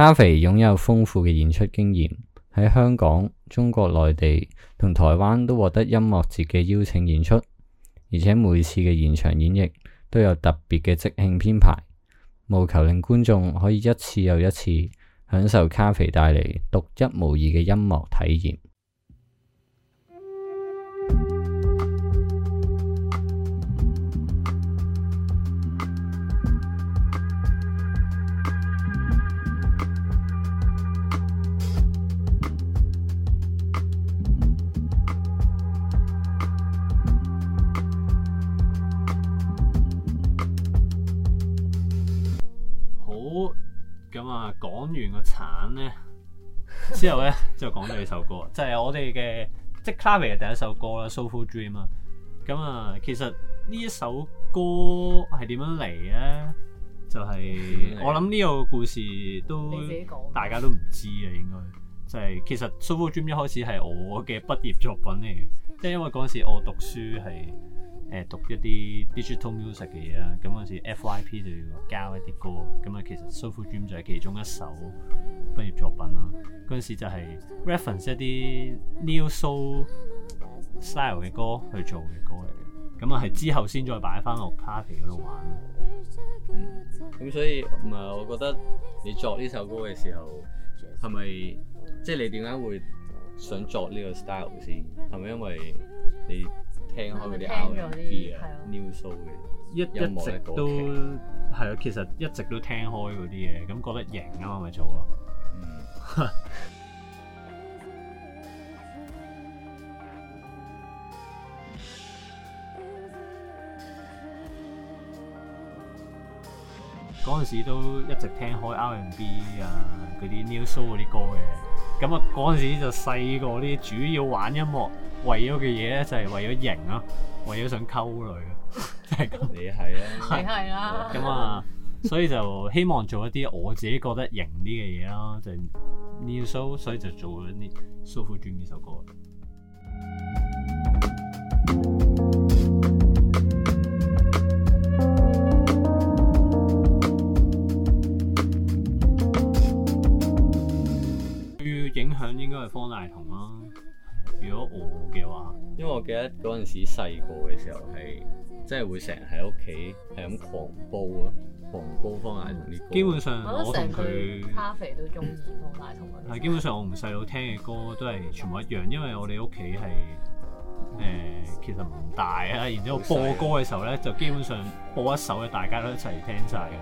Clave 擁有豐富嘅演出經驗，喺香港、中國內地同台灣都獲得音樂節嘅邀請演出，而且每次嘅現場演繹都有特別嘅即興編排，務求令觀眾可以一次又一次享受 Clave 帶嚟獨一無二嘅音樂體驗。咁啊，講完個橙咧之後咧，之後講第二首歌，就係、是、我哋嘅即 Clave 嘅第一首歌啦，《Soulful Dream》啊。咁啊，其實呢一首歌係點樣嚟咧？就係、是、我諗呢個故事都大家都唔知啊。應該就係、是、其實《Soulful Dream》一開始係我嘅畢業作品嚟嘅，即、就、係、是、因為嗰陣時我讀書係。誒讀一啲 digital music 嘅嘢啦，咁嗰時 FYP 就要交一啲歌，咁啊其實 Soulful Dream 就係其中一首畢業作品啦。嗰陣時就係 reference 一啲 neo soul style 嘅歌去做嘅歌嚟嘅，咁啊係之後先再擺翻落 party 嗰度玩。嗯，咁所以唔係，我覺得你作呢首歌嘅時候係咪即係你點解會想作呢個 style 先？係咪因為你？聽開嗰啲 R&B 啊，Neo-soul 嘅，一一直都係啊，其實一直都聽開嗰啲嘢，咁覺得型啊嘛，咪做咯。嗯。嗰陣時都一直聽開 R&B 啊，嗰啲 Neo-soul 嗰啲歌嘅，咁啊嗰陣時就細個啲，主要玩音樂。為咗嘅嘢咧，就係為咗型咯，為咗想溝女，即係咁，你係啦，你係啊！咁啊， 所以就希望做一啲我自己覺得型啲嘅嘢啦，就呢首，所以就做咗啲《Soulful Dream》呢首歌。 要影響應該係方大同啦，啊。如果我嘅話，因為我記得嗰陣時細個嘅時候係，即係會成日喺屋企係咁狂煲啊。狂煲方面同啲基本上我同佢咖肥都中意咯，大同文。係基本上我同細佬聽嘅歌都係全部一樣，因為我哋屋企係誒其實唔大啊，然之後播歌嘅時候咧就基本上播一首嘅大家都一齊聽晒噶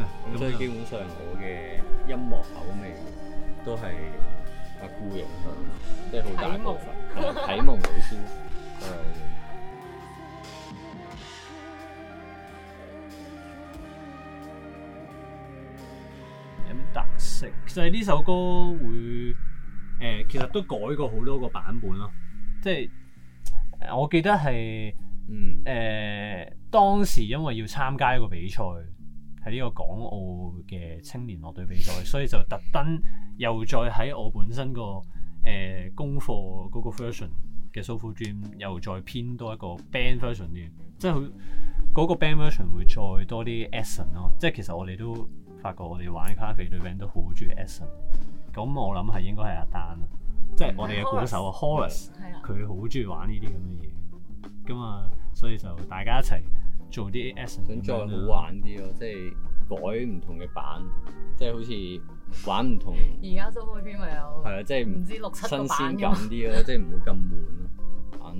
啦，咁所以基本上我嘅音樂口味都係。孤型，即係好大一部分，體諒你先。有咩特色？就係呢首歌會，誒，其實都改過好多個版本咯。即係我記得係，嗯，誒， 當時 Exactly、 . yeah, 因為要參加一個比賽。 mm. 喺呢個港澳嘅青年樂隊比賽，所以就特登又再喺我本身個誒、呃、功課嗰個 version 嘅 Soulful Dream，又再編多一個 band version 啲，即係佢嗰個 band version 會再多啲 accent 咯。即係其實我哋都發覺我哋玩咖啡隊 band 都好中意 accent。咁我諗係應該係阿丹啦，即係我哋嘅鼓手啊，Horace，佢好中意玩呢啲咁嘅嘢。咁啊，所以就大家一齊。做啲 AS，想再好玩啲咯， 即係改唔同嘅版， 即係好似玩唔同。而家 Soulful Dream 咪有係啊，即係唔知六七新鮮感啲咯，即係唔會咁悶咯。玩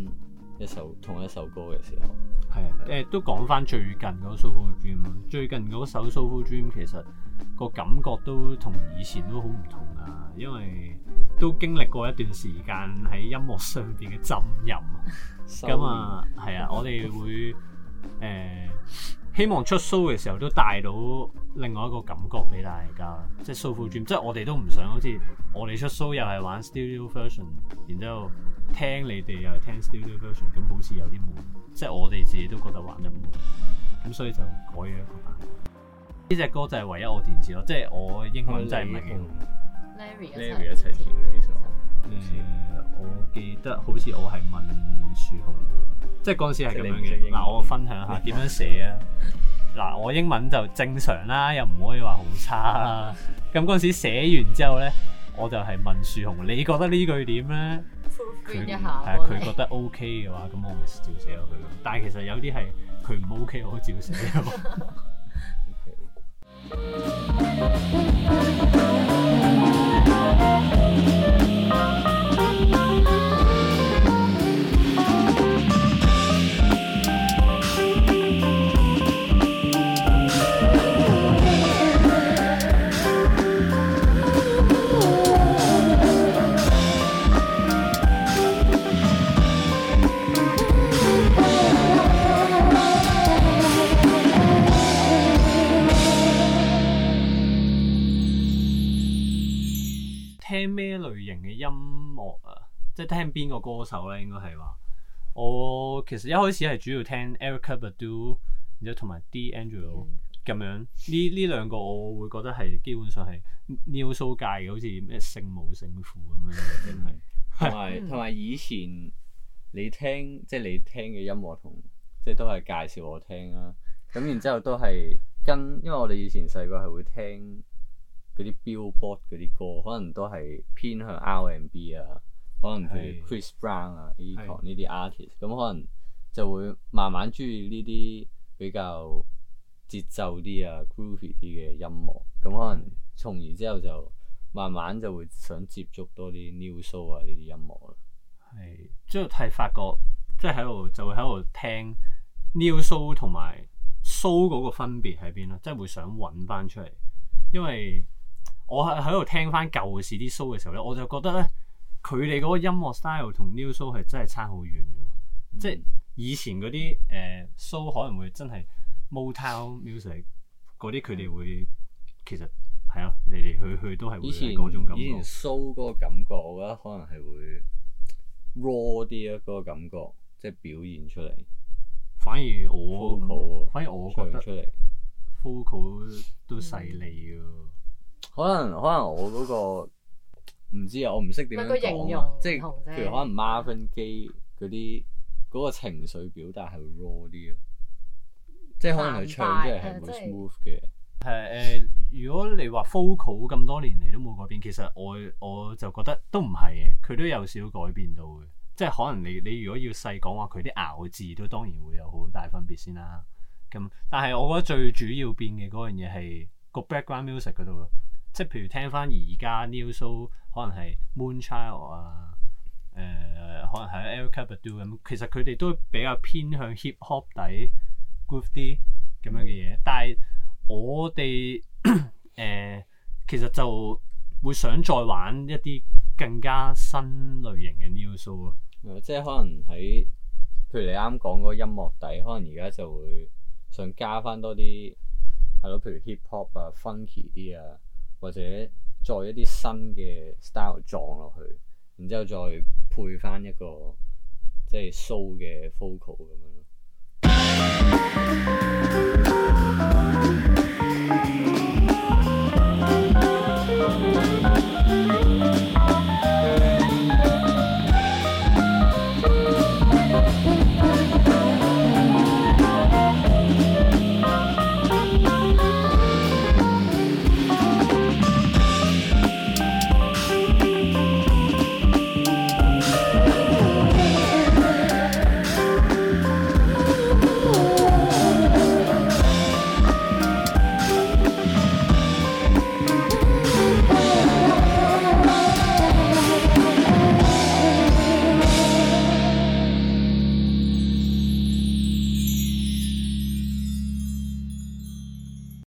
一首同一首歌嘅時候，係誒、啊，都講翻最近嗰首 Soulful Dream，最近嗰首 Soulful Dream 其實個感覺都同以前都好唔同啊，因為都經歷過一段時間喺音樂上邊嘅浸淫。咁 Sorry,、嗯、啊，係啊， 我哋會。誒、嗯，希望出 show 嘅時候都帶到另外一個感覺俾大家，即係 Soulful Dream，即係我哋都唔想好似我哋出 show 又係玩 studio version，然之後聽你哋又係聽 studio version，咁好似有啲悶，即係我哋自己都覺得玩得悶，咁所以就改咗一個版本。呢隻歌就係唯一我填詞咯，即係我英文真係唔好。Larry Larry 一齊填嘅呢首，嗯。我記得好似我係問樹紅，即係嗰陣時係咁樣嘅。嗱，我分享下點樣寫啊嗱， 我英文就正常啦，又唔可以話好差啦。咁嗰陣時寫完之後咧，我就係問樹紅，你覺得句呢句點咧？佢係啊，佢覺得 O K 嘅話，咁 我咪照寫咯。佢，但係其實有啲係佢唔 O K，我照寫 音樂啊，即係聽邊個歌手咧？應該係話我其實一開始係主要聽 Erykah Badu，然之後同埋 D'Angelo 咁、嗯、樣。呢呢兩個我會覺得係基本上係 Neo Soul 界嘅，好似咩聖母聖父咁樣真係同埋同埋以前你聽即係、就是、你聽嘅音樂同即係都係介紹我聽啦、啊。咁然之後都係跟，因為我哋以前細個係會聽。嗰啲 billboard 嗰啲歌，可能都係偏向 R&B 啊，可能佢 Chris Brown 啊、Erykah 呢啲 artist，咁可能就會慢慢中意呢啲比較節奏啲啊、groovy 啲嘅音樂。咁可能從而之後就慢慢就會想接觸多啲 new soul 啊呢啲音樂啦。係，即係發覺即係喺度就會喺度聽 new soul 同埋 soul 嗰個分別喺邊啦，即係會想揾翻出嚟，因為我喺喺度聽翻舊嘅時啲 show 嘅時候咧，我就覺得咧，佢哋嗰個音樂 style 同 new show 係真係差好遠嘅，嗯、即係以前嗰啲誒 show 可能會真係 motown music 嗰啲，佢哋會其實係啊嚟嚟去去都係嗰種感覺。以前，以前 show 嗰個感覺，我覺得可能係會 raw 啲啊，嗰個感覺即係、就是、表現出嚟。反而我 vocal 反而我覺得出嚟 vocal 都細膩嘅。嗯嗯可能可能我嗰個唔知啊，我唔識點樣講，形容即係譬如可能 Marvin Gaye 嗰啲嗰個情緒表達係 raw 啲啊，即係可能佢唱出嚟係唔 smooth 嘅。係誒，如果你話 vocal 咁多年嚟都冇改變，其實我我就覺得都唔係嘅，佢都有少少改變到嘅，即係可能你你如果要細講話佢啲咬字都當然會有好大分別先啦。咁但係我覺得最主要變嘅嗰樣嘢係個 background music 嗰度咯。即係譬如聽翻而家 neo-soul，可能係 moonchild 啊，誒、呃、可能係 Erykah Badu 咁，其實佢哋都比較偏向 hip hop 底 groove 啲咁樣嘅嘢。但係我哋誒、呃、其實就會想再玩一啲更加新類型嘅 neo-soul 啊，即係可能喺譬如你啱講嗰音樂底，可能而家就會想加翻多啲係咯，譬如 hip hop 啊、funky 啲啊。或者再一啲新嘅 style 撞落去，然之後再配翻一個即係 soul 嘅 focal，咁樣咯。